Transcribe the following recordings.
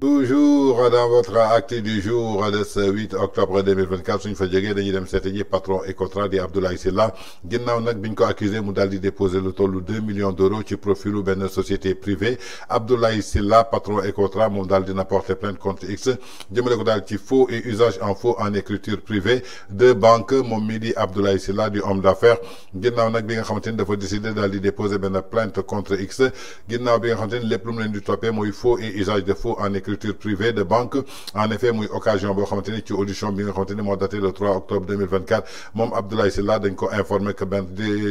Bonjour Hein, dans votre acte du jour hein, de 8 octobre 2024 suñ fa jógee dañuy dem seete ji patron contrat di Abdoulaye Silla, ginnaw nak biñ ko accusé mu daal di déposé de tollu 2 millions d'euros ci profilu ben société privée Abdoulaye Silla, patron et mu daal n'a porter plainte contre X jëmale ko dal ci faux et usage en faux en écriture privée de banque mom midi Abdoulaye Silla, du homme d'affaires qui nak bi nga xamante dafa décidé daal di ben une plainte contre X qui bi nga xamante lepp lu mu di moy faux et usage de faux en écriture privée de banque en effet muy occasion bo xamanteni ci audition bi nga xamanteni daté le 3 octobre 2024 mom Abdoulaye Sylla dañ ko informé que ben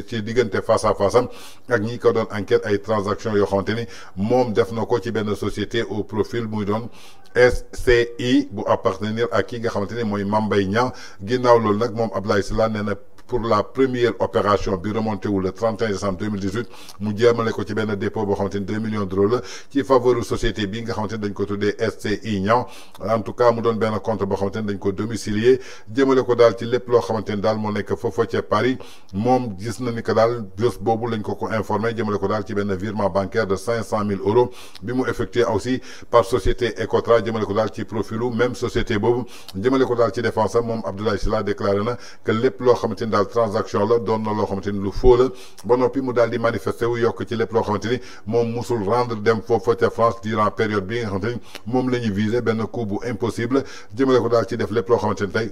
ci diggante face à face am ak ñi ko doon enquête ay transactions yo xamanteni mom def nako ci ben société au profil muy doon SCI bu appartenir à qui, nga xamanteni moy Mambay Niang ginnaw lool nak mom Abdoulaye Sylla néna pour la première opération bi remonté wu le 31 décembre 2018 mu jéemale ko ci ben dépôt bo xamanteni 2 millions d'euros la ci faveur société bi nga xamanteni dañ ko tuddee STI Union en tout cas mu don ben compte bo xamanteni dañ ko domicilier jëmale ko dal ci lépp lo xamanteni dal mo nek nekk foofa ca Paris mom gis na ni que dal bés bobu lañ ko ko informé jëmale ko dal ci ben virement bancaire de 500 000 euros bi mu effectué aussi par société Ecotra jëmale ko dal ci profilu même société boobu jëmale ko dal ci défense mom Abdoulaye Sylla déclaré na que lépp lo xamanteni transaction la donne lo xamanteni lu faux la ba noppi mu daldi di manifester wu yokk ci lepp lo xamanteni mom musul rendre dem foofa ci France durant période bien nga xamante ni visé la le coup bu impossible de ko daal ci def lépp loo xamante ni tey.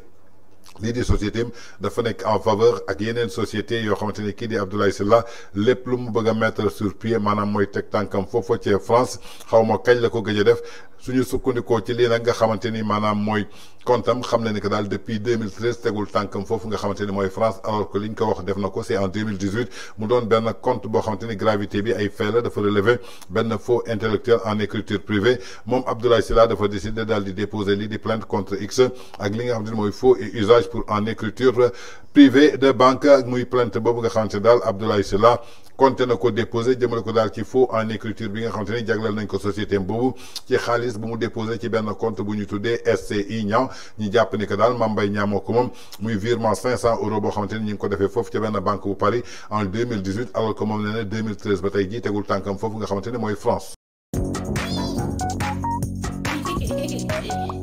de di en faveur ak une société york ont ni di Abdoulaye silla les plumes mu bëgg sur pied maanaam mooy teg tànkam foofa ci France xawma ma kañ la ko gëj def suñu sukkandikoo ci li nag nga xamanteni manam moy contam xamna ni que dal depuis 2013 tegul tankam fofu nga xamanteni moy France alors que liñ ko wax def na ko c'est en 2018 mu don ben compte bo xamanteni gravité bi ay fay la dafa relever ben faux intellectuel en écriture privée mom Abdoulaye Sylla dafa décider dal di déposer li di plainte contre X ak li nga xamanteni moy faux et usage pour en écriture privé de banque muy plainte bobu nga xamante dal Abdoulaye Sylla compté nako ko déposé jëmale ko dal ci faux en écriture bi nga xamante ni jagleel nañ ko société bobu ci xaliss bu mu déposé ci ben compte bu ñu tuddé SCI ñaw ñi japp ni ko dal mambay ñamo ko mom muy virement 500 cent euros boo xamante ni ngi ko défé fofu ci ben banque bu Paris en 2018 alors que mom nee na 2013 batay ji tégul tankam fofu foofu nga xamante ni mooy France